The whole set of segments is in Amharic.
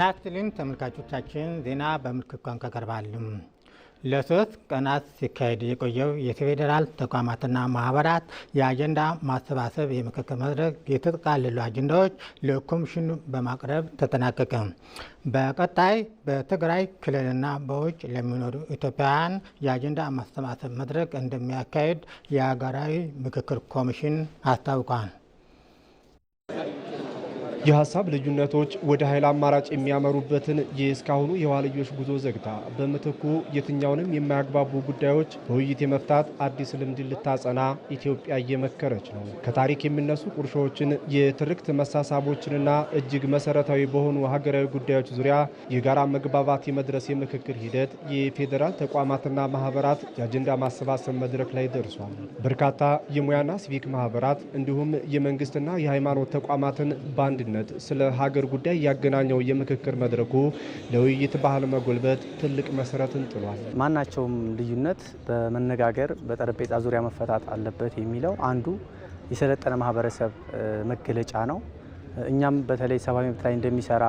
ናክትልን ተመልካቾቻችን ዜና በምልክት ቋንቋ ቀርባል። ለሶስት ቀናት ሲካሄድ የቆየው የፌዴራል ተቋማትና ማህበራት የአጀንዳ ማሰባሰብ የምክክር መድረክ የተጠቃለሉ አጀንዳዎች ለኮሚሽኑ በማቅረብ ተጠናቀቀ። በቀጣይ በትግራይ ክልልና በውጭ ለሚኖሩ ኢትዮጵያውያን የአጀንዳ ማሰባሰብ መድረክ እንደሚያካሄድ የሀገራዊ ምክክር ኮሚሽን አስታውቋል። የሀሳብ ልዩነቶች ወደ ኃይል አማራጭ የሚያመሩበትን የእስካሁኑ የዋልዮች ጉዞ ዘግታ በምትኩ የትኛውንም የማያግባቡ ጉዳዮች በውይይት የመፍታት አዲስ ልምድ ልታጸና ኢትዮጵያ እየመከረች ነው። ከታሪክ የሚነሱ ቁርሾዎችን፣ የትርክት መሳሳቦችንና እጅግ መሰረታዊ በሆኑ ሀገራዊ ጉዳዮች ዙሪያ የጋራ መግባባት የመድረስ የምክክር ሂደት የፌዴራል ተቋማትና ማህበራት የአጀንዳ ማሰባሰብ መድረክ ላይ ደርሷል። በርካታ የሙያና ሲቪክ ማህበራት እንዲሁም የመንግስትና የሃይማኖት ተቋማትን በአንድ ወዳድነት ስለ ሀገር ጉዳይ ያገናኘው የምክክር መድረኩ ለውይይት ባህል መጎልበት ትልቅ መሰረትን ጥሏል። ማናቸውም ልዩነት በመነጋገር በጠረጴዛ ዙሪያ መፈታት አለበት የሚለው አንዱ የሰለጠነ ማህበረሰብ መገለጫ ነው። እኛም በተለይ ሰብአዊ መብት ላይ እንደሚሰራ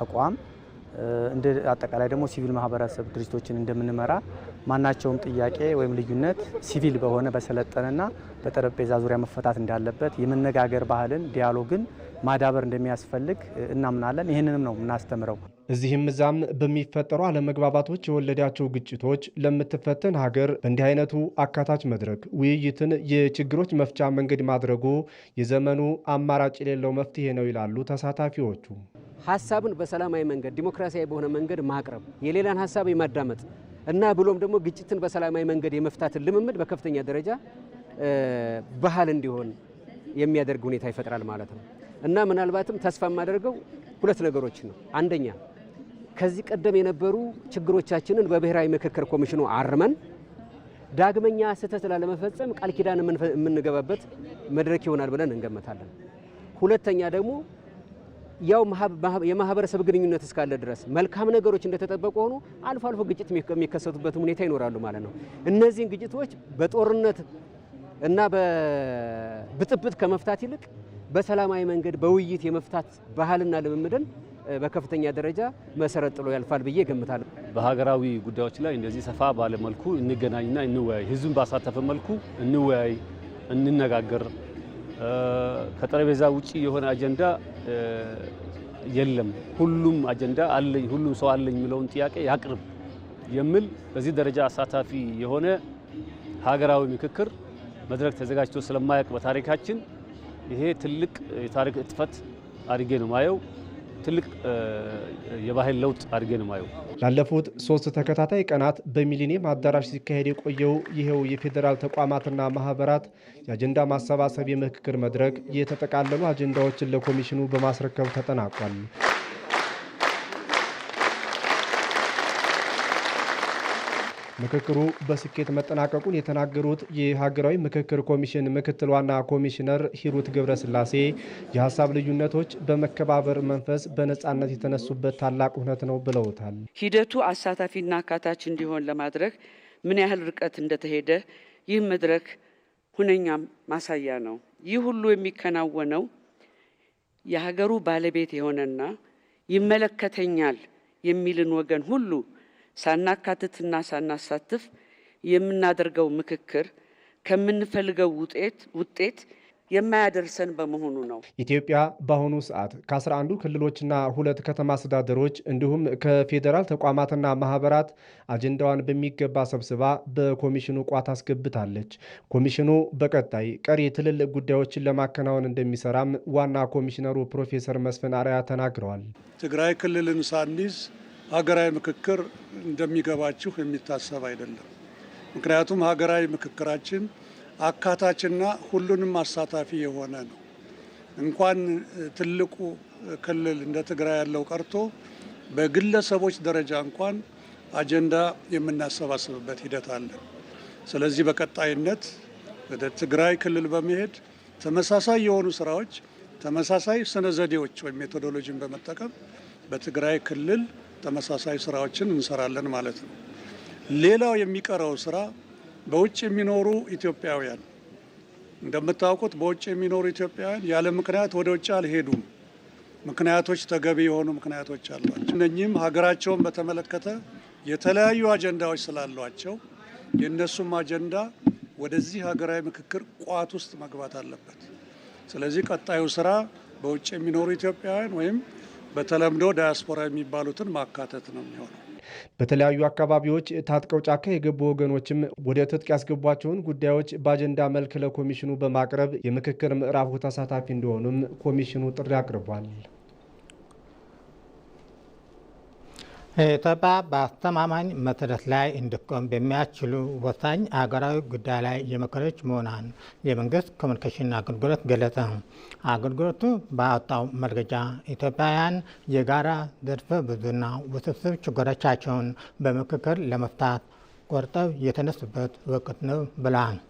ተቋም እንደ አጠቃላይ ደግሞ ሲቪል ማህበረሰብ ድርጅቶችን እንደምንመራ ማናቸውም ጥያቄ ወይም ልዩነት ሲቪል በሆነ በሰለጠነና በጠረጴዛ ዙሪያ መፈታት እንዳለበት የመነጋገር ባህልን ዲያሎግን ማዳበር እንደሚያስፈልግ እናምናለን። ይህንንም ነው የምናስተምረው። እዚህም እዛም በሚፈጠሩ አለመግባባቶች የወለዳቸው ግጭቶች ለምትፈተን ሀገር በእንዲህ አይነቱ አካታች መድረክ ውይይትን የችግሮች መፍቻ መንገድ ማድረጉ የዘመኑ አማራጭ የሌለው መፍትሄ ነው ይላሉ ተሳታፊዎቹ። ሀሳብን በሰላማዊ መንገድ ዲሞክራሲያዊ በሆነ መንገድ ማቅረብ፣ የሌላን ሀሳብ የማዳመጥ እና ብሎም ደግሞ ግጭትን በሰላማዊ መንገድ የመፍታትን ልምምድ በከፍተኛ ደረጃ ባህል እንዲሆን የሚያደርግ ሁኔታ ይፈጥራል ማለት ነው። እና ምናልባትም ተስፋ የማደርገው ሁለት ነገሮች ነው። አንደኛ ከዚህ ቀደም የነበሩ ችግሮቻችንን በብሔራዊ ምክክር ኮሚሽኑ አርመን ዳግመኛ ስህተት ላለመፈጸም ቃል ኪዳን የምንገባበት መድረክ ይሆናል ብለን እንገምታለን። ሁለተኛ ደግሞ ያው የማህበረሰብ ግንኙነት እስካለ ድረስ መልካም ነገሮች እንደተጠበቁ ሆኖ አልፎ አልፎ ግጭት የሚከሰቱበትም ሁኔታ ይኖራሉ ማለት ነው። እነዚህን ግጭቶች በጦርነት እና በብጥብጥ ከመፍታት ይልቅ በሰላማዊ መንገድ በውይይት የመፍታት ባህልና ልምምድን በከፍተኛ ደረጃ መሰረት ጥሎ ያልፋል ብዬ እገምታለሁ። በሀገራዊ ጉዳዮች ላይ እንደዚህ ሰፋ ባለ መልኩ እንገናኝና እንወያይ፣ ህዝብን ባሳተፈ መልኩ እንወያይ፣ እንነጋገር ከጠረጴዛ ውጪ የሆነ አጀንዳ የለም። ሁሉም አጀንዳ አለኝ፣ ሁሉም ሰው አለኝ የሚለውን ጥያቄ ያቅርብ የሚል በዚህ ደረጃ አሳታፊ የሆነ ሀገራዊ ምክክር መድረክ ተዘጋጅቶ ስለማያውቅ በታሪካችን ይሄ ትልቅ የታሪክ እጥፈት አድርጌ ነው ማየው። ትልቅ የባህል ለውጥ አድርጌ ነው ማየው። ላለፉት ሶስት ተከታታይ ቀናት በሚሊኒየም አዳራሽ ሲካሄድ የቆየው ይሄው የፌዴራል ተቋማትና ማህበራት የአጀንዳ ማሰባሰብ የምክክር መድረክ የተጠቃለሉ አጀንዳዎችን ለኮሚሽኑ በማስረከብ ተጠናቋል። ምክክሩ በስኬት መጠናቀቁን የተናገሩት የሀገራዊ ምክክር ኮሚሽን ምክትል ዋና ኮሚሽነር ሂሩት ገብረስላሴ የሀሳብ ልዩነቶች በመከባበር መንፈስ በነጻነት የተነሱበት ታላቅ ሁነት ነው ብለውታል። ሂደቱ አሳታፊና አካታች እንዲሆን ለማድረግ ምን ያህል ርቀት እንደተሄደ ይህ መድረክ ሁነኛ ማሳያ ነው። ይህ ሁሉ የሚከናወነው የሀገሩ ባለቤት የሆነና ይመለከተኛል የሚልን ወገን ሁሉ ሳናካትትና ሳናሳትፍ የምናደርገው ምክክር ከምንፈልገው ውጤት ውጤት የማያደርሰን በመሆኑ ነው። ኢትዮጵያ በአሁኑ ሰዓት ከ 11 ክልሎችና ሁለት ከተማ አስተዳደሮች እንዲሁም ከፌዴራል ተቋማትና ማህበራት አጀንዳዋን በሚገባ ሰብስባ በኮሚሽኑ ቋት አስገብታለች። ኮሚሽኑ በቀጣይ ቀሪ ትልልቅ ጉዳዮችን ለማከናወን እንደሚሰራም ዋና ኮሚሽነሩ ፕሮፌሰር መስፍን አርአያ ተናግረዋል። ትግራይ ክልልን ሳንይዝ ሀገራዊ ምክክር እንደሚገባችሁ የሚታሰብ አይደለም። ምክንያቱም ሀገራዊ ምክክራችን አካታችና ሁሉንም አሳታፊ የሆነ ነው። እንኳን ትልቁ ክልል እንደ ትግራይ ያለው ቀርቶ በግለሰቦች ደረጃ እንኳን አጀንዳ የምናሰባስብበት ሂደት አለ። ስለዚህ በቀጣይነት ወደ ትግራይ ክልል በመሄድ ተመሳሳይ የሆኑ ስራዎች፣ ተመሳሳይ ስነ ዘዴዎች ወይም ሜቶዶሎጂን በመጠቀም በትግራይ ክልል ተመሳሳይ ስራዎችን እንሰራለን ማለት ነው። ሌላው የሚቀረው ስራ በውጭ የሚኖሩ ኢትዮጵያውያን እንደምታውቁት በውጭ የሚኖሩ ኢትዮጵያውያን ያለ ምክንያት ወደ ውጭ አልሄዱም። ምክንያቶች ተገቢ የሆኑ ምክንያቶች አሏቸው። እነኚህም ሀገራቸውን በተመለከተ የተለያዩ አጀንዳዎች ስላሏቸው የእነሱም አጀንዳ ወደዚህ ሀገራዊ ምክክር ቋት ውስጥ መግባት አለበት። ስለዚህ ቀጣዩ ስራ በውጭ የሚኖሩ ኢትዮጵያውያን ወይም በተለምዶ ዳያስፖራ የሚባሉትን ማካተት ነው የሚሆነው። በተለያዩ አካባቢዎች ታጥቀው ጫካ የገቡ ወገኖችም ወደ ትጥቅ ያስገቧቸውን ጉዳዮች በአጀንዳ መልክ ለኮሚሽኑ በማቅረብ የምክክር ምዕራፉ ተሳታፊ እንደሆኑም ኮሚሽኑ ጥሪ አቅርቧል። ኢትዮጵያ በአስተማማኝ መሰረት ላይ እንድትቆም በሚያስችሉ ወሳኝ አገራዊ ጉዳይ ላይ የመከረች መሆኗን የመንግስት ኮሚኒኬሽን አገልግሎት ገለጸ። አገልግሎቱ ባወጣው መግለጫ ኢትዮጵያውያን የጋራ ዘርፈ ብዙና ውስብስብ ችግሮቻቸውን በምክክር ለመፍታት ቆርጠው የተነሱበት ወቅት ነው ብሏል።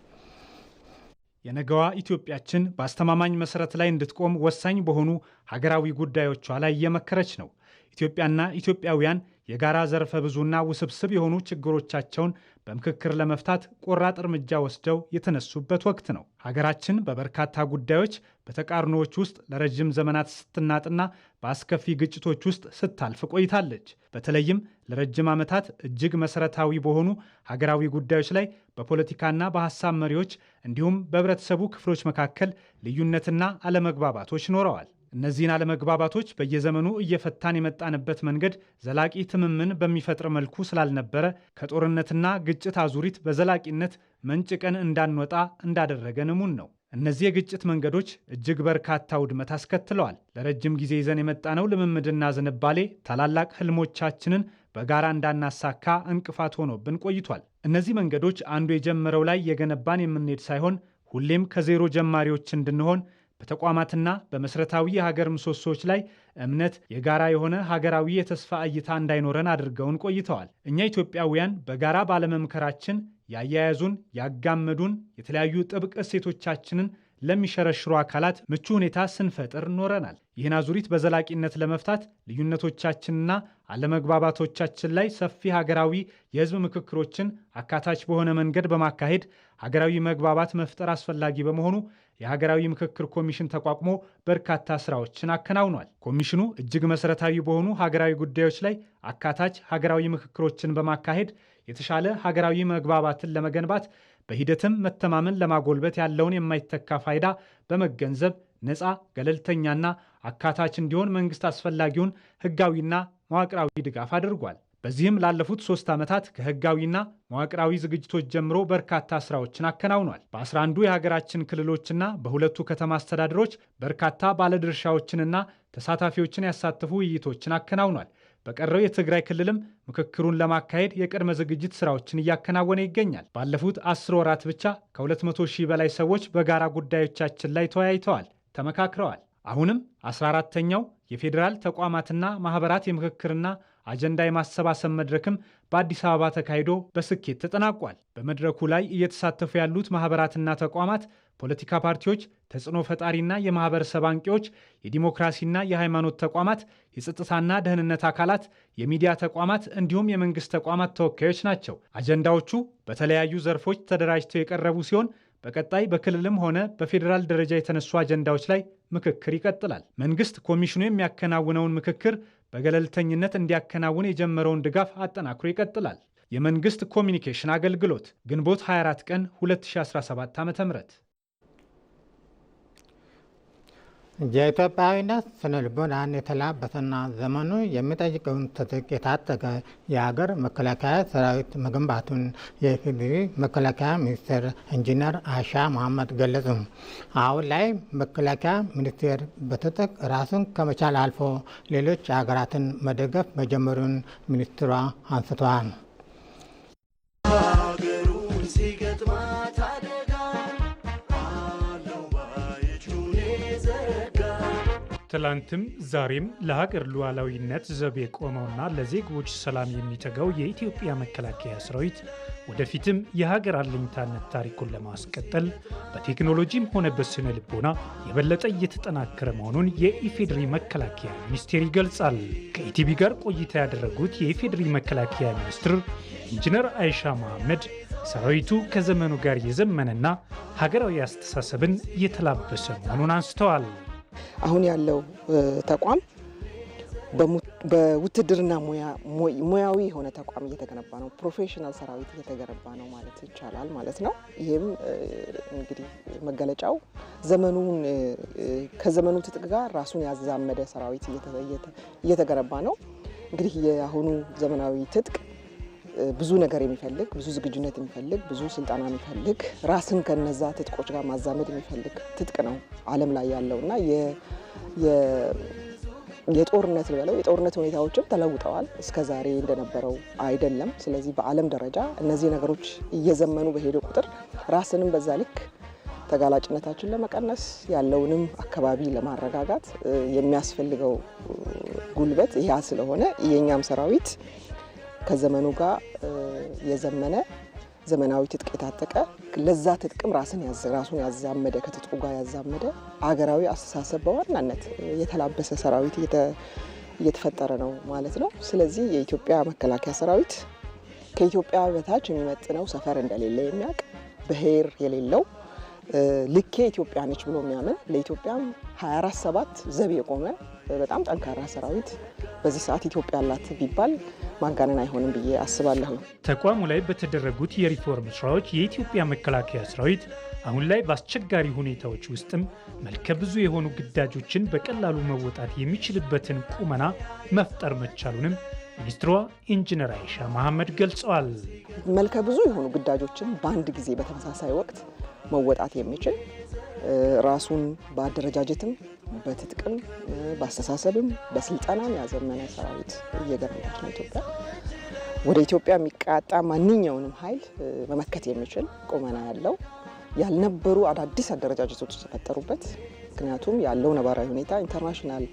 የነገዋ ኢትዮጵያችን በአስተማማኝ መሰረት ላይ እንድትቆም ወሳኝ በሆኑ ሀገራዊ ጉዳዮቿ ላይ እየመከረች ነው። ኢትዮጵያና ኢትዮጵያውያን የጋራ ዘርፈ ብዙና ውስብስብ የሆኑ ችግሮቻቸውን በምክክር ለመፍታት ቆራጥ እርምጃ ወስደው የተነሱበት ወቅት ነው። ሀገራችን በበርካታ ጉዳዮች በተቃርኖዎች ውስጥ ለረዥም ዘመናት ስትናጥና በአስከፊ ግጭቶች ውስጥ ስታልፍ ቆይታለች። በተለይም ለረጅም ዓመታት እጅግ መሰረታዊ በሆኑ ሀገራዊ ጉዳዮች ላይ በፖለቲካና በሀሳብ መሪዎች እንዲሁም በህብረተሰቡ ክፍሎች መካከል ልዩነትና አለመግባባቶች ኖረዋል። እነዚህን አለመግባባቶች በየዘመኑ እየፈታን የመጣንበት መንገድ ዘላቂ ትምምን በሚፈጥር መልኩ ስላልነበረ ከጦርነትና ግጭት አዙሪት በዘላቂነት መንጭቀን እንዳንወጣ እንዳደረገ እሙን ነው። እነዚህ የግጭት መንገዶች እጅግ በርካታ ውድመት አስከትለዋል። ለረጅም ጊዜ ይዘን የመጣነው ልምምድና ዝንባሌ ታላላቅ ህልሞቻችንን በጋራ እንዳናሳካ እንቅፋት ሆኖብን ቆይቷል። እነዚህ መንገዶች አንዱ የጀመረው ላይ የገነባን የምንሄድ ሳይሆን ሁሌም ከዜሮ ጀማሪዎች እንድንሆን በተቋማትና በመሰረታዊ የሀገር ምሰሶዎች ላይ እምነት የጋራ የሆነ ሀገራዊ የተስፋ እይታ እንዳይኖረን አድርገውን ቆይተዋል። እኛ ኢትዮጵያውያን በጋራ ባለመምከራችን ያያያዙን ያጋመዱን የተለያዩ ጥብቅ እሴቶቻችንን ለሚሸረሽሩ አካላት ምቹ ሁኔታ ስንፈጥር ኖረናል። ይህን አዙሪት በዘላቂነት ለመፍታት ልዩነቶቻችንና አለመግባባቶቻችን ላይ ሰፊ ሀገራዊ የህዝብ ምክክሮችን አካታች በሆነ መንገድ በማካሄድ ሀገራዊ መግባባት መፍጠር አስፈላጊ በመሆኑ የሀገራዊ ምክክር ኮሚሽን ተቋቁሞ በርካታ ስራዎችን አከናውኗል። ኮሚሽኑ እጅግ መሰረታዊ በሆኑ ሀገራዊ ጉዳዮች ላይ አካታች ሀገራዊ ምክክሮችን በማካሄድ የተሻለ ሀገራዊ መግባባትን ለመገንባት በሂደትም መተማመን ለማጎልበት ያለውን የማይተካ ፋይዳ በመገንዘብ ነፃ ገለልተኛና አካታች እንዲሆን መንግስት አስፈላጊውን ህጋዊና መዋቅራዊ ድጋፍ አድርጓል። በዚህም ላለፉት ሶስት ዓመታት ከህጋዊና መዋቅራዊ ዝግጅቶች ጀምሮ በርካታ ስራዎችን አከናውኗል። በአስራ አንዱ የሀገራችን ክልሎችና በሁለቱ ከተማ አስተዳደሮች በርካታ ባለድርሻዎችንና ተሳታፊዎችን ያሳተፉ ውይይቶችን አከናውኗል። በቀረው የትግራይ ክልልም ምክክሩን ለማካሄድ የቅድመ ዝግጅት ስራዎችን እያከናወነ ይገኛል። ባለፉት አስር ወራት ብቻ ከ200 ሺህ በላይ ሰዎች በጋራ ጉዳዮቻችን ላይ ተወያይተዋል፣ ተመካክረዋል። አሁንም 14ተኛው የፌዴራል ተቋማትና ማኅበራት የምክክርና አጀንዳ የማሰባሰብ መድረክም በአዲስ አበባ ተካሂዶ በስኬት ተጠናቋል። በመድረኩ ላይ እየተሳተፉ ያሉት ማህበራትና ተቋማት፣ ፖለቲካ ፓርቲዎች፣ ተጽዕኖ ፈጣሪና የማህበረሰብ አንቂዎች፣ የዲሞክራሲና የሃይማኖት ተቋማት፣ የጸጥታና ደህንነት አካላት፣ የሚዲያ ተቋማት እንዲሁም የመንግስት ተቋማት ተወካዮች ናቸው። አጀንዳዎቹ በተለያዩ ዘርፎች ተደራጅተው የቀረቡ ሲሆን በቀጣይ በክልልም ሆነ በፌዴራል ደረጃ የተነሱ አጀንዳዎች ላይ ምክክር ይቀጥላል። መንግስት ኮሚሽኑ የሚያከናውነውን ምክክር በገለልተኝነት እንዲያከናውን የጀመረውን ድጋፍ አጠናክሮ ይቀጥላል። የመንግስት ኮሚኒኬሽን አገልግሎት ግንቦት 24 ቀን 2017 ዓ.ም የኢትዮጵያዊነት ስነ ልቦናን የተላበሰና ዘመኑ የሚጠይቀውን ትጥቅ የታጠቀ የሀገር መከላከያ ሰራዊት መገንባቱን የኢፌዴሪ መከላከያ ሚኒስቴር ኢንጂነር አሻ መሐመድ ገለጹ። አሁን ላይ መከላከያ ሚኒስቴር በትጥቅ ራሱን ከመቻል አልፎ ሌሎች ሀገራትን መደገፍ መጀመሩን ሚኒስትሯ አንስተዋል። ትላንትም ዛሬም ለሀገር ሉዓላዊነት ዘብ የቆመውና ለዜጎች ሰላም የሚተጋው የኢትዮጵያ መከላከያ ሰራዊት ወደፊትም የሀገር አለኝታነት ታሪኩን ለማስቀጠል በቴክኖሎጂም ሆነ በስነ ልቦና የበለጠ እየተጠናከረ መሆኑን የኢፌዴሪ መከላከያ ሚኒስቴር ይገልጻል። ከኢቲቪ ጋር ቆይታ ያደረጉት የኢፌዴሪ መከላከያ ሚኒስትር ኢንጂነር አይሻ መሐመድ ሰራዊቱ ከዘመኑ ጋር የዘመነና ሀገራዊ አስተሳሰብን የተላበሰ መሆኑን አንስተዋል። አሁን ያለው ተቋም በውትድርና ሙያዊ የሆነ ተቋም እየተገነባ ነው። ፕሮፌሽናል ሰራዊት እየተገነባ ነው ማለት ይቻላል ማለት ነው። ይህም እንግዲህ መገለጫው ዘመኑን ከዘመኑ ትጥቅ ጋር ራሱን ያዛመደ ሰራዊት እየተገነባ ነው። እንግዲህ የአሁኑ ዘመናዊ ትጥቅ ብዙ ነገር የሚፈልግ ብዙ ዝግጁነት የሚፈልግ ብዙ ስልጠና የሚፈልግ ራስን ከነዛ ትጥቆች ጋር ማዛመድ የሚፈልግ ትጥቅ ነው ዓለም ላይ ያለው እና የጦርነት ልበለው የጦርነት ሁኔታዎችም ተለውጠዋል። እስከ ዛሬ እንደነበረው አይደለም። ስለዚህ በዓለም ደረጃ እነዚህ ነገሮች እየዘመኑ በሄደ ቁጥር ራስንም በዛ ልክ ተጋላጭነታችን ለመቀነስ ያለውንም አካባቢ ለማረጋጋት የሚያስፈልገው ጉልበት ያ ስለሆነ የእኛም ሰራዊት ከዘመኑ ጋር የዘመነ ዘመናዊ ትጥቅ የታጠቀ ለዛ ትጥቅም ራስን ራሱን ያዛመደ ከትጥቁ ጋር ያዛመደ አገራዊ አስተሳሰብ በዋናነት የተላበሰ ሰራዊት እየተፈጠረ ነው ማለት ነው። ስለዚህ የኢትዮጵያ መከላከያ ሰራዊት ከኢትዮጵያ በታች የሚመጥነው ሰፈር እንደሌለ የሚያውቅ ብሄር የሌለው ልኬ ኢትዮጵያ ነች ብሎ የሚያምን ለኢትዮጵያ 24 ሰባት ዘብ የቆመ በጣም ጠንካራ ሰራዊት በዚህ ሰዓት ኢትዮጵያ አላት ቢባል ማጋነን አይሆንም ብዬ አስባለሁ። ተቋሙ ላይ በተደረጉት የሪፎርም ስራዎች የኢትዮጵያ መከላከያ ሰራዊት አሁን ላይ በአስቸጋሪ ሁኔታዎች ውስጥም መልከ ብዙ የሆኑ ግዳጆችን በቀላሉ መወጣት የሚችልበትን ቁመና መፍጠር መቻሉንም ሚኒስትሯ ኢንጂነር አይሻ መሐመድ ገልጸዋል። መልከ ብዙ የሆኑ ግዳጆችን በአንድ ጊዜ በተመሳሳይ ወቅት መወጣት የሚችል ራሱን በአደረጃጀትም በትጥቅም በአስተሳሰብም በስልጠናም ያዘመነ ሰራዊት እየገነባች ነው ኢትዮጵያ። ወደ ኢትዮጵያ የሚቃጣ ማንኛውንም ኃይል መመከት የሚችል ቁመና ያለው ያልነበሩ አዳዲስ አደረጃጀቶች የተፈጠሩበት ምክንያቱም ያለው ነባራዊ ሁኔታ ኢንተርናሽናል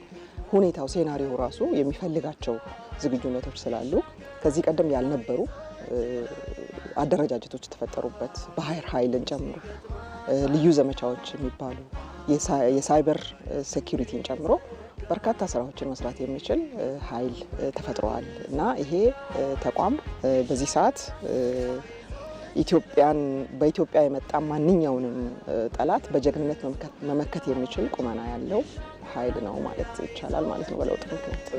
ሁኔታው ሴናሪዮ ራሱ የሚፈልጋቸው ዝግጁነቶች ስላሉ ከዚህ ቀደም ያልነበሩ አደረጃጀቶች የተፈጠሩበት ባህር ኃይልን ጨምሮ ልዩ ዘመቻዎች የሚባሉ የሳይበር ሴኪሪቲን ጨምሮ በርካታ ስራዎችን መስራት የሚችል ኃይል ተፈጥሯል እና ይሄ ተቋም በዚህ ሰዓት ኢትዮጵያን በኢትዮጵያ የመጣ ማንኛውንም ጠላት በጀግንነት መመከት የሚችል ቁመና ያለው ኃይል ነው ማለት ይቻላል ማለት ነው በለውጥ ምክንያት።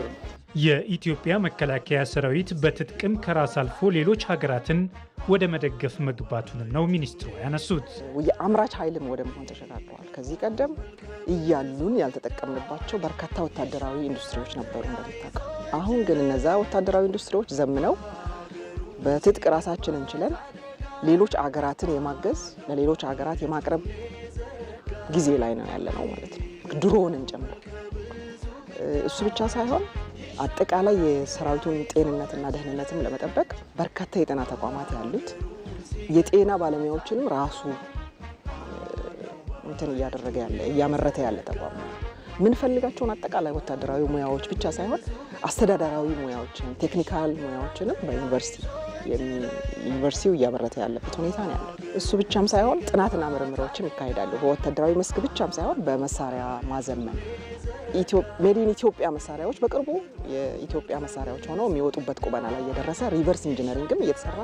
የኢትዮጵያ መከላከያ ሰራዊት በትጥቅም ከራስ አልፎ ሌሎች ሀገራትን ወደ መደገፍ መግባቱንም ነው ሚኒስትሩ ያነሱት። የአምራች ኃይልም ወደ መሆን ተሸጋግረዋል። ከዚህ ቀደም እያሉን ያልተጠቀምንባቸው በርካታ ወታደራዊ ኢንዱስትሪዎች ነበሩ እንደምታውቀው። አሁን ግን እነዛ ወታደራዊ ኢንዱስትሪዎች ዘምነው በትጥቅ ራሳችን እንችለን ሌሎች አገራትን የማገዝ ለሌሎች አገራት የማቅረብ ጊዜ ላይ ነው ያለ ነው ማለት ነው። ድሮውን ጭምር እሱ ብቻ ሳይሆን አጠቃላይ የሰራዊቱን ጤንነትና ደህንነትም ለመጠበቅ በርካታ የጤና ተቋማት ያሉት የጤና ባለሙያዎችንም ራሱ እንትን እያደረገ ያለ እያመረተ ያለ ተቋም ነው። ምንፈልጋቸውን አጠቃላይ ወታደራዊ ሙያዎች ብቻ ሳይሆን አስተዳደራዊ ሙያዎችን፣ ቴክኒካል ሙያዎችንም በዩኒቨርሲቲ ዩኒቨርሲቲው እያመረተ ያለበት ሁኔታ ነው ያለው። እሱ ብቻም ሳይሆን ጥናትና ምርምሮችም ይካሄዳሉ። በወታደራዊ መስክ ብቻም ሳይሆን በመሳሪያ ማዘመን ሜዲን ኢትዮጵያ መሳሪያዎች በቅርቡ የኢትዮጵያ መሳሪያዎች ሆነው የሚወጡበት ቁመና ላይ እየደረሰ ሪቨርስ ኢንጂነሪንግም እየተሰራ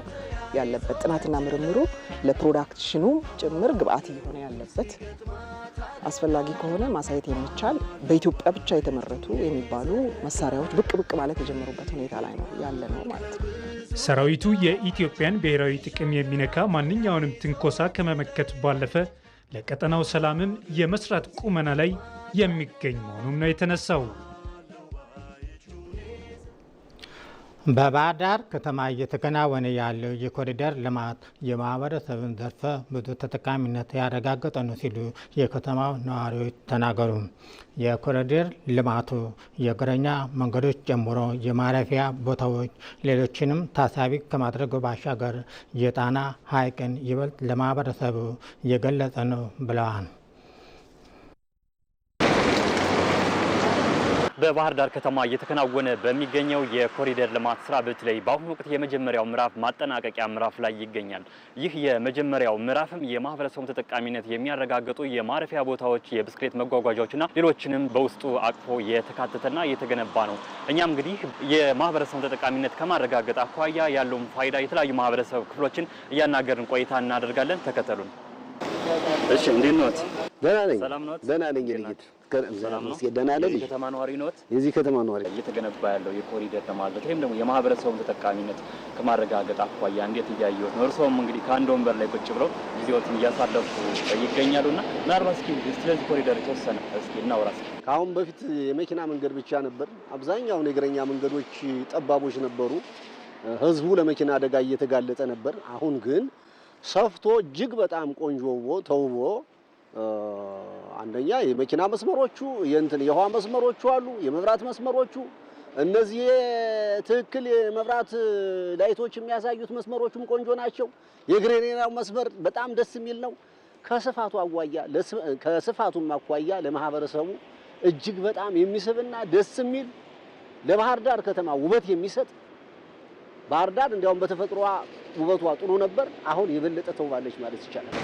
ያለበት ጥናትና ምርምሩ ለፕሮዳክሽኑ ጭምር ግብአት እየሆነ ያለበት አስፈላጊ ከሆነ ማሳየት የሚቻል በኢትዮጵያ ብቻ የተመረቱ የሚባሉ መሳሪያዎች ብቅ ብቅ ማለት የጀመሩበት ሁኔታ ላይ ነው ያለ ነው ማለት ነው። ሰራዊቱ የኢትዮጵያን ብሔራዊ ጥቅም የሚነካ ማንኛውንም ትንኮሳ ከመመከት ባለፈ ለቀጠናው ሰላምም የመስራት ቁመና ላይ የሚገኝ መሆኑም ነው የተነሳው። በባህር ዳር ከተማ እየተከናወነ ያለው የኮሪደር ልማት የማህበረሰብን ዘርፈ ብዙ ተጠቃሚነት ያረጋገጠ ነው ሲሉ የከተማው ነዋሪዎች ተናገሩ። የኮሪደር ልማቱ የእግረኛ መንገዶች ጨምሮ የማረፊያ ቦታዎች፣ ሌሎችንም ታሳቢ ከማድረጉ ባሻገር የጣና ሐይቅን ይበልጥ ለማህበረሰቡ የገለጸ ነው ብለዋል። በባህር ዳር ከተማ እየተከናወነ በሚገኘው የኮሪደር ልማት ስራ ቤት ላይ በአሁኑ ወቅት የመጀመሪያው ምዕራፍ ማጠናቀቂያ ምዕራፍ ላይ ይገኛል። ይህ የመጀመሪያው ምዕራፍም የማህበረሰቡን ተጠቃሚነት የሚያረጋግጡ የማረፊያ ቦታዎች፣ የብስክሌት መጓጓዣዎችና ሌሎችንም በውስጡ አቅፎ የተካተተና የተገነባ ነው። እኛም እንግዲህ የማህበረሰቡን ተጠቃሚነት ከማረጋገጥ አኳያ ያለውን ፋይዳ የተለያዩ ማህበረሰብ ክፍሎችን እያናገርን ቆይታ እናደርጋለን። ተከተሉን። እሺ፣ እንዴት ነዎት? ደህና ነኝ። ሰላም ነዎት? ደህና ነኝ። ይመስገን እግዚአብሔር ደህና ነን። የከተማ ከተማ ነዋሪ ነው። የዚህ ከተማ ነዋሪ እየተገነባ ያለው የኮሪደር ተማለት ይሄም ደግሞ የማህበረሰቡን ተጠቃሚነት ከማረጋገጥ አኳያ እንዴት እያየሁት ነው? እርሶም እንግዲህ ከአንድ ወንበር ላይ ቁጭ ብለው ጊዜዎትን እያሳለፉ ይገኛሉና ምናልባት እስኪ ስለዚህ ኮሪደር የተወሰነ እስኪ እናውራ። ከአሁን በፊት የመኪና መንገድ ብቻ ነበር። አብዛኛውን የእግረኛ መንገዶች ጠባቦች ነበሩ። ህዝቡ ለመኪና አደጋ እየተጋለጠ ነበር። አሁን ግን ሰፍቶ እጅግ በጣም ቆንጆ ተውቦ አንደኛ የመኪና መስመሮቹ የእንትን የውሃ መስመሮቹ አሉ፣ የመብራት መስመሮቹ እነዚህ ትክክል የመብራት ላይቶች የሚያሳዩት መስመሮቹም ቆንጆ ናቸው። የግሬኔራው መስመር በጣም ደስ የሚል ነው። ከስፋቱ አኳያ ከስፋቱም አኳያ ለማህበረሰቡ እጅግ በጣም የሚስብና ደስ የሚል ለባህር ዳር ከተማ ውበት የሚሰጥ ባህር ዳር እንዲያውም በተፈጥሯ ውበቷ ጥሩ ነበር። አሁን የበለጠ ተውባለች ማለት ይቻላል።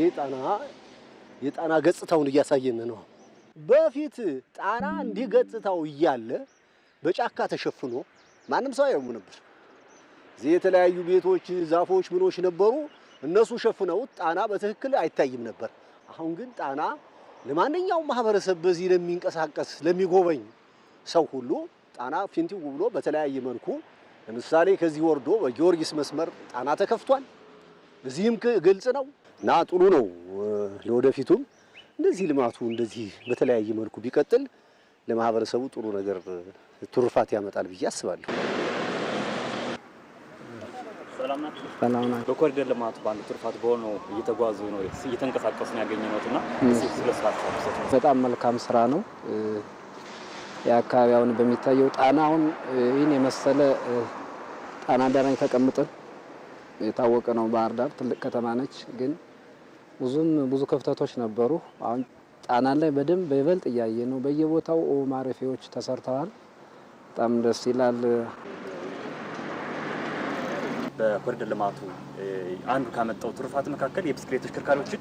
ይሄ ጣና የጣና ገጽታውን እያሳየን ነው። በፊት ጣና እንዲህ ገጽታው እያለ በጫካ ተሸፍኖ ማንም ሰው አየውም ነበር። እዚህ የተለያዩ ቤቶች፣ ዛፎች፣ ምኖች ነበሩ። እነሱ ሸፍነውት ጣና በትክክል አይታይም ነበር። አሁን ግን ጣና ለማንኛውም ማህበረሰብ በዚህ ለሚንቀሳቀስ ለሚጎበኝ ሰው ሁሉ ጣና ፊንቲው ብሎ በተለያየ መልኩ ለምሳሌ ከዚህ ወርዶ በጊዮርጊስ መስመር ጣና ተከፍቷል። እዚህም ግልጽ ነው። እና ጥሩ ነው። ለወደፊቱም እንደዚህ ልማቱ እንደዚህ በተለያየ መልኩ ቢቀጥል ለማህበረሰቡ ጥሩ ነገር ትሩፋት ያመጣል ብዬ አስባለሁ። በኮሪደር ልማት በአንድ ትሩፋት በሆነው እየተጓዙ ነው እየተንቀሳቀሱ ነው ያገኘነው እና በጣም መልካም ስራ ነው። የአካባቢ አሁን በሚታየው ጣና አሁን ይህን የመሰለ ጣና ዳር ተቀምጠን የታወቀ ነው። ባህር ዳር ትልቅ ከተማ ነች ግን ብዙም ብዙ ክፍተቶች ነበሩ። አሁን ጣና ላይ በደንብ በይበልጥ እያየ ነው። በየቦታው ማረፊያዎች ተሰርተዋል። በጣም ደስ ይላል። በኮሪደር ልማቱ አንዱ ካመጣው ትሩፋት መካከል የብስክሌት ተሽከርካሪዎችን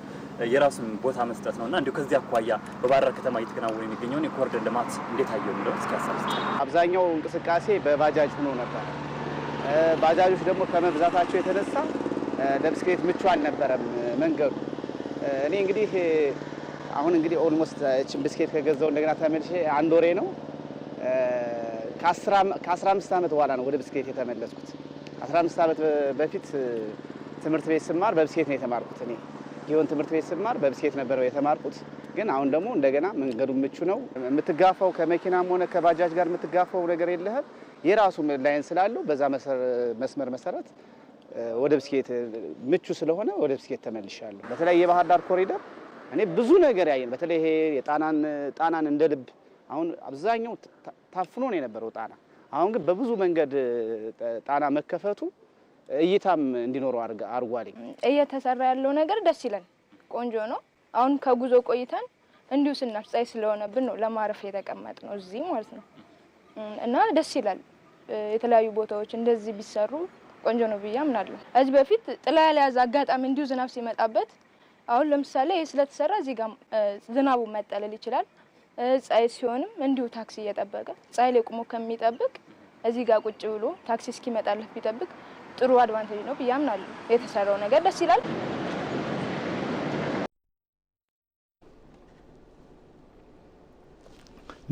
የራሱን ቦታ መስጠት ነውና እንዲሁ ከዚህ አኳያ በባህር ከተማ እየተከናወነ የሚገኘውን የኮሪደር ልማት እንዴት አየው የሚለው እስኪ አብዛኛው እንቅስቃሴ በባጃጅ ሆኖ ነበር። ባጃጆች ደግሞ ከመብዛታቸው የተነሳ ለብስክሌት ምቹ አልነበረም መንገዱ። እኔ እንግዲህ አሁን እንግዲህ ኦልሞስት እችን ብስኬት ከገዛው እንደገና ተመልሼ አንድ ወሬ ነው ከ15 ዓመት በኋላ ነው ወደ ብስኬት የተመለስኩት። 15 ዓመት በፊት ትምህርት ቤት ስማር በብስኬት ነው የተማርኩት። እኔ ጊዮን ትምህርት ቤት ስማር በብስኬት ነበረው የተማርኩት። ግን አሁን ደግሞ እንደገና መንገዱ ምቹ ነው። የምትጋፋው ከመኪናም ሆነ ከባጃጅ ጋር የምትጋፋው ነገር የለህም። የራሱ ላይን ስላለው በዛ መስመር መሰረት ወደ ብስኬት ምቹ ስለሆነ ወደ ብስኬት ተመልሻለሁ። በተለይ የባህር ዳር ኮሪደር እኔ ብዙ ነገር ያየን፣ በተለይ ይሄ የጣናን ጣናን እንደ ልብ አሁን አብዛኛው ታፍኖ ነው የነበረው ጣና። አሁን ግን በብዙ መንገድ ጣና መከፈቱ እይታም እንዲኖረው አድርጓል። እየተሰራ ያለው ነገር ደስ ይላል፣ ቆንጆ ነው። አሁን ከጉዞ ቆይተን እንዲሁ ስናርፍ ፀሐይ ስለሆነብን ነው ለማረፍ የተቀመጥ ነው እዚህ ማለት ነው። እና ደስ ይላል። የተለያዩ ቦታዎች እንደዚህ ቢሰሩ ቆንጆ ነው ብዬ አምናለሁ። እዚህ በፊት ጥላ ያልያዘ አጋጣሚ እንዲሁ ዝናብ ሲመጣበት አሁን ለምሳሌ ስለተሰራ እዚህ ጋር ዝናቡ መጠለል ይችላል። ፀሐይ ሲሆንም እንዲሁ ታክሲ እየጠበቀ ፀሐይ ላይ ቁሞ ከሚጠብቅ እዚህ ጋር ቁጭ ብሎ ታክሲ እስኪመጣለት ቢጠብቅ ጥሩ አድቫንቴጅ ነው ብዬ አምናለሁ። የተሰራው ነገር ደስ ይላል።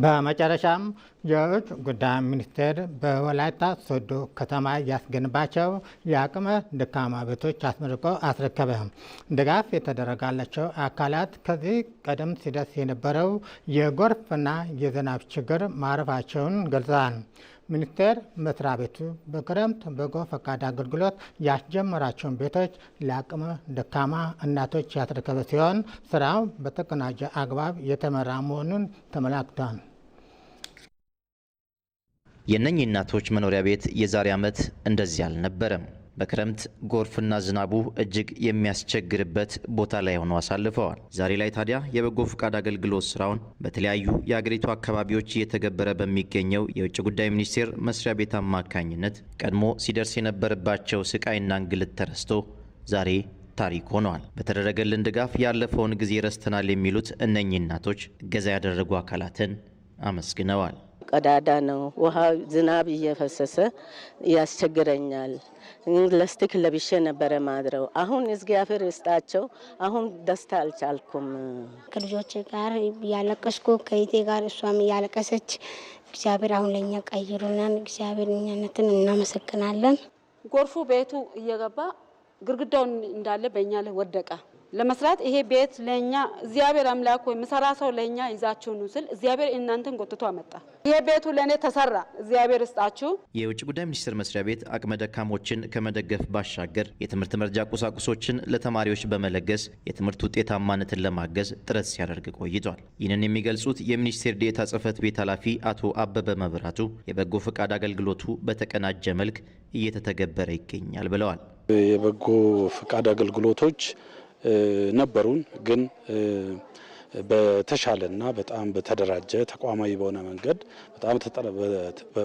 በመጨረሻም የውጭ ጉዳይ ሚኒስቴር በወላይታ ሶዶ ከተማ ያስገንባቸው የአቅመ ደካማ ቤቶች አስመርቆ አስረከበ። ድጋፍ የተደረጋላቸው አካላት ከዚህ ቀደም ሲደርስ የነበረው የጎርፍና የዝናብ ችግር ማረፋቸውን ገልጸዋል። ሚኒስቴር መስሪያ ቤቱ በክረምት በጎ ፈቃድ አገልግሎት ያስጀመራቸውን ቤቶች ለአቅመ ደካማ እናቶች ያስረከበ ሲሆን ስራው በተቀናጀ አግባብ የተመራ መሆኑን ተመላክቷል። የእነኚህ እናቶች መኖሪያ ቤት የዛሬ ዓመት እንደዚህ አልነበረም። በክረምት ጎርፍና ዝናቡ እጅግ የሚያስቸግርበት ቦታ ላይ ሆነው አሳልፈዋል። ዛሬ ላይ ታዲያ የበጎ ፈቃድ አገልግሎት ስራውን በተለያዩ የአገሪቱ አካባቢዎች እየተገበረ በሚገኘው የውጭ ጉዳይ ሚኒስቴር መስሪያ ቤት አማካኝነት ቀድሞ ሲደርስ የነበረባቸው ስቃይና እንግልት ተረስቶ ዛሬ ታሪክ ሆነዋል። በተደረገልን ድጋፍ ያለፈውን ጊዜ ረስተናል የሚሉት እነኚህ እናቶች እገዛ ያደረጉ አካላትን አመስግነዋል። ቀዳዳ ነው፣ ውሃ ዝናብ እየፈሰሰ ያስቸግረኛል ለስቲክ ለብሼ ነበረ ማድረው። አሁን እግዚአብሔር ይስጣቸው። አሁን ደስታ አልቻልኩም። ከልጆች ጋር እያለቀስኩ ከይቴ ጋር እሷም እያለቀሰች እግዚአብሔር አሁን ለእኛ ቀይሩናል። እግዚአብሔር እኛነትን እናመሰግናለን። ጎርፉ ቤቱ እየገባ ግርግዳውን እንዳለ በእኛ ላይ ወደቀ። ለመስራት ይሄ ቤት ለኛ እግዚአብሔር አምላክ ወይ ምሰራ ሰው ለኛ ይዛችሁ ነው ስል እግዚአብሔር እናንተን ጎትቶ አመጣ። ይሄ ቤቱ ለእኔ ተሰራ፣ እግዚአብሔር እስጣችሁ። የውጭ ጉዳይ ሚኒስቴር መስሪያ ቤት አቅመ ደካሞችን ከመደገፍ ባሻገር የትምህርት መርጃ ቁሳቁሶችን ለተማሪዎች በመለገስ የትምህርት ውጤታማነትን ለማገዝ ጥረት ሲያደርግ ቆይቷል። ይህንን የሚገልጹት የሚኒስቴር ዴታ ጽህፈት ቤት ኃላፊ አቶ አበበ መብራቱ የበጎ ፈቃድ አገልግሎቱ በተቀናጀ መልክ እየተተገበረ ይገኛል ብለዋል። የበጎ ፈቃድ አገልግሎቶች ነበሩን ግን በተሻለና በጣም በተደራጀ ተቋማዊ በሆነ መንገድ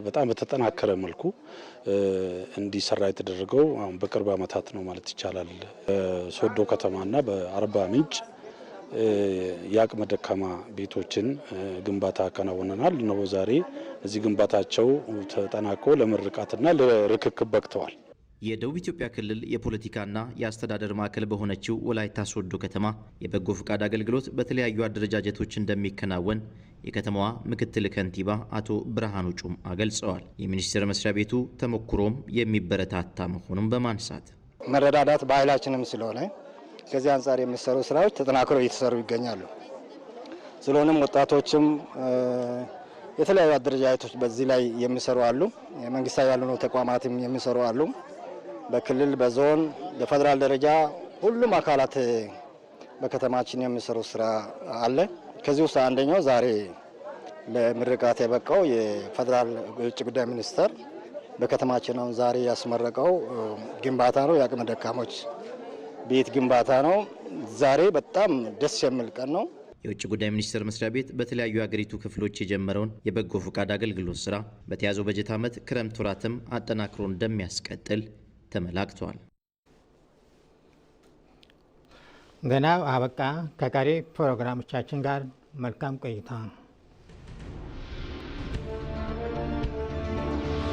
በጣም በተጠናከረ መልኩ እንዲሰራ የተደረገው አሁን በቅርብ ዓመታት ነው ማለት ይቻላል። በሶዶ ከተማና በአርባ ምንጭ የአቅመ ደካማ ቤቶችን ግንባታ አከናውነናል። እነሆ ዛሬ እዚህ ግንባታቸው ተጠናቆ ለምርቃትና ለርክክብ በቅተዋል። የደቡብ ኢትዮጵያ ክልል የፖለቲካና የአስተዳደር ማዕከል በሆነችው ወላይታ ሶዶ ከተማ የበጎ ፈቃድ አገልግሎት በተለያዩ አደረጃጀቶች እንደሚከናወን የከተማዋ ምክትል ከንቲባ አቶ ብርሃኑ ጩምአ ገልጸዋል። የሚኒስቴር መስሪያ ቤቱ ተሞክሮም የሚበረታታ መሆኑን በማንሳት መረዳዳት ባህላችንም ስለሆነ ከዚህ አንጻር የሚሰሩ ስራዎች ተጠናክረው እየተሰሩ ይገኛሉ። ስለሆነም ወጣቶችም የተለያዩ አደረጃጀቶች በዚህ ላይ የሚሰሩ አሉ። መንግስታዊ ያልሆኑ ተቋማትም የሚሰሩ አሉ። በክልል በዞን በፌዴራል ደረጃ ሁሉም አካላት በከተማችን የሚሰሩ ስራ አለ። ከዚህ ውስጥ አንደኛው ዛሬ ለምርቃት የበቃው የፌዴራል የውጭ ጉዳይ ሚኒስቴር በከተማችን አሁን ዛሬ ያስመረቀው ግንባታ ነው። የአቅመ ደካሞች ቤት ግንባታ ነው። ዛሬ በጣም ደስ የሚል ቀን ነው። የውጭ ጉዳይ ሚኒስቴር መስሪያ ቤት በተለያዩ የሀገሪቱ ክፍሎች የጀመረውን የበጎ ፈቃድ አገልግሎት ስራ በተያዘው በጀት ዓመት ክረምት ወራትም አጠናክሮ እንደሚያስቀጥል ተመላክቷል። ዜናው አበቃ። ከቀሪ ፕሮግራሞቻችን ጋር መልካም ቆይታ